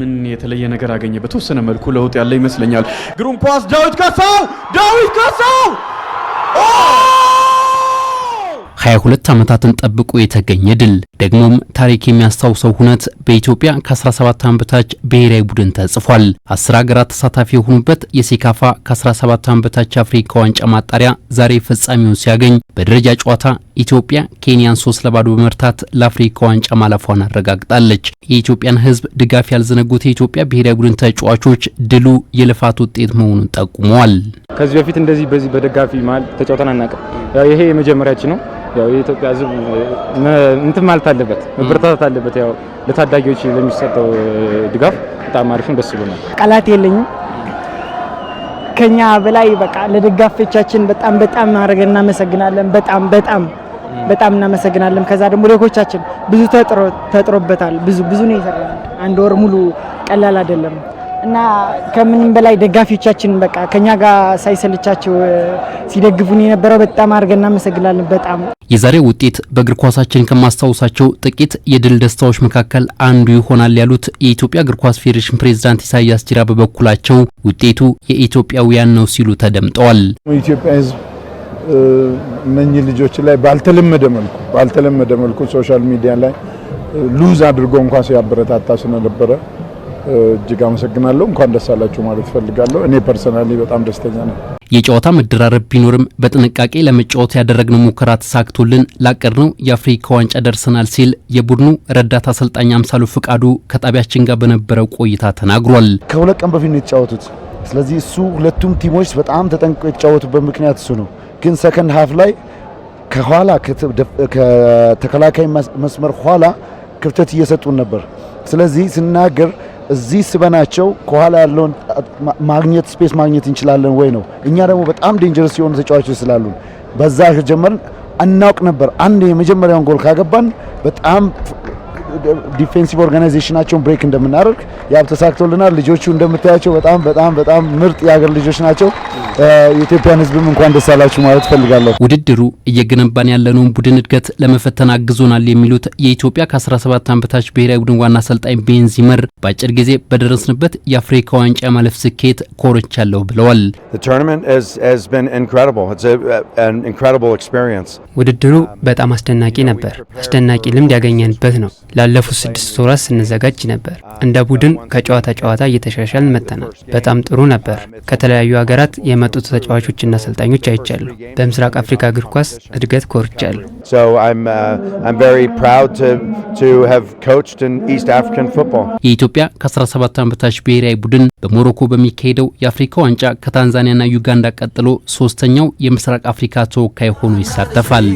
ምን የተለየ ነገር አገኘ? በተወሰነ መልኩ ለውጥ ያለ ይመስለኛል። ግሩም ኳስ ዳዊት ካሳው ዳዊት ካሳው 22 ዓመታትን ጠብቆ የተገኘ ድል ደግሞም ታሪክ የሚያስታውሰው ሁነት በኢትዮጵያ ከ17 ዓመት በታች ብሔራዊ ቡድን ተጽፏል። አስር ሀገራት ተሳታፊ የሆኑበት የሴካፋ ከ17 ዓመት በታች አፍሪካ ዋንጫ ማጣሪያ ዛሬ ፍጻሜውን ሲያገኝ በደረጃ ጨዋታ ኢትዮጵያ ኬንያን ሶስት ለባዶ በመርታት ለአፍሪካ ዋንጫ ማለፏን አረጋግጣለች። የኢትዮጵያን ሕዝብ ድጋፍ ያልዘነጉት የኢትዮጵያ ብሔራዊ ቡድን ተጫዋቾች ድሉ የልፋት ውጤት መሆኑን ጠቁመዋል። ከዚህ በፊት እንደዚህ በዚህ በደጋፊ መሀል ተጫውተን አናውቅም። ይሄ የመጀመሪያችን ነው። ያው የኢትዮጵያ ሕዝብ እንትን ማለት አለበት፣ መበረታታት አለበት። ያው ለታዳጊዎች ለሚሰጠው ድጋፍ በጣም አሪፍ ነው። ደስ ብሎናል። ቃላት የለኝም። ከኛ በላይ በቃ ለደጋፊዎቻችን በጣም በጣም አድርገን እናመሰግናለን። በጣም በጣም በጣም እናመሰግናለን። ከዛ ደግሞ ሌኮቻችን ብዙ ተጥሮበታል። ብዙ ብዙ ነው የሰራነው። አንድ ወር ሙሉ ቀላል አይደለም። እና ከምንም በላይ ደጋፊዎቻችን በቃ ከኛ ጋር ሳይሰልቻቸው ሲደግፉን የነበረው በጣም አድርገን እናመሰግናለን። በጣም የዛሬ ውጤት በእግር ኳሳችን ከማስታወሳቸው ጥቂት የድል ደስታዎች መካከል አንዱ ይሆናል ያሉት የኢትዮጵያ እግር ኳስ ፌዴሬሽን ፕሬዝዳንት ኢሳያስ ጅራ በበኩላቸው ውጤቱ የኢትዮጵያውያን ነው ሲሉ ተደምጠዋል። ኢትዮጵያ ሕዝብ እነኚህ ልጆች ላይ ባልተለመደ መልኩ ባልተለመደ መልኩ ሶሻል ሚዲያ ላይ ሉዝ አድርጎ እንኳን ሲያበረታታ ስለነበረ እጅግ አመሰግናለሁ። እንኳን ደስ አላችሁ ማለት እፈልጋለሁ። እኔ ፐርሰናሊ በጣም ደስተኛ ነኝ። የጨዋታ መደራረብ ቢኖርም በጥንቃቄ ለመጫወት ያደረግነው ሙከራ ተሳክቶልን ላቀድነው የአፍሪካ ዋንጫ ደርሰናል ሲል የቡድኑ ረዳት አሰልጣኝ አምሳሉ ፍቃዱ ከጣቢያችን ጋር በነበረው ቆይታ ተናግሯል። ከሁለት ቀን በፊት ነው የተጫወቱት። ስለዚህ እሱ ሁለቱም ቲሞች በጣም ተጠንቅቀው የተጫወቱበት ምክንያት እሱ ነው። ግን ሰከንድ ሀፍ ላይ ከኋላ ከተከላካይ መስመር ኋላ ክፍተት እየሰጡን ነበር። ስለዚህ ስናገር እዚህ ስበናቸው ከኋላ ያለውን ማግኘት ስፔስ ማግኘት እንችላለን ወይ ነው። እኛ ደግሞ በጣም ዴንጀረስ የሆኑ ተጫዋቾች ስላሉን በዛ ከጀመርን አናውቅ ነበር። አንድ የመጀመሪያውን ጎል ካገባን በጣም ዲፌንሲቭ ኦርጋናይዜሽናቸውን ብሬክ እንደምናደርግ ያብ ተሳክቶልናል። ልጆቹ እንደምታያቸው በጣም በጣም በጣም ምርጥ የሀገር ልጆች ናቸው። የኢትዮጵያን ሕዝብም እንኳን ደስ አላችሁ ማለት ፈልጋለሁ። ውድድሩ እየገነባን ያለነውን ቡድን እድገት ለመፈተን አግዞናል የሚሉት የኢትዮጵያ ከ17 ዓመት በታች ብሔራዊ ቡድን ዋና አሰልጣኝ ቤንዚመር በአጭር ጊዜ በደረስንበት የአፍሪካ ዋንጫ ማለፍ ስኬት ኮርቻለሁ ብለዋል። ውድድሩ በጣም አስደናቂ ነበር። አስደናቂ ልምድ ያገኘንበት ነው። ላለፉት ስድስት ወራት ስንዘጋጅ ነበር። እንደ ቡድን ከጨዋታ ጨዋታ እየተሻሻልን መጥተናል። በጣም ጥሩ ነበር። ከተለያዩ ሀገራት የመጡት ተጫዋቾችና አሰልጣኞች አይቻሉ። በምስራቅ አፍሪካ እግር ኳስ እድገት ኮርቻለሁ። uh, የኢትዮጵያ ከ17 ዓመት በታች ብሔራዊ ቡድን በሞሮኮ በሚካሄደው የአፍሪካ ዋንጫ ከታንዛኒያና ዩጋንዳ ቀጥሎ ሶስተኛው የምስራቅ አፍሪካ ተወካይ ሆኖ ይሳተፋል።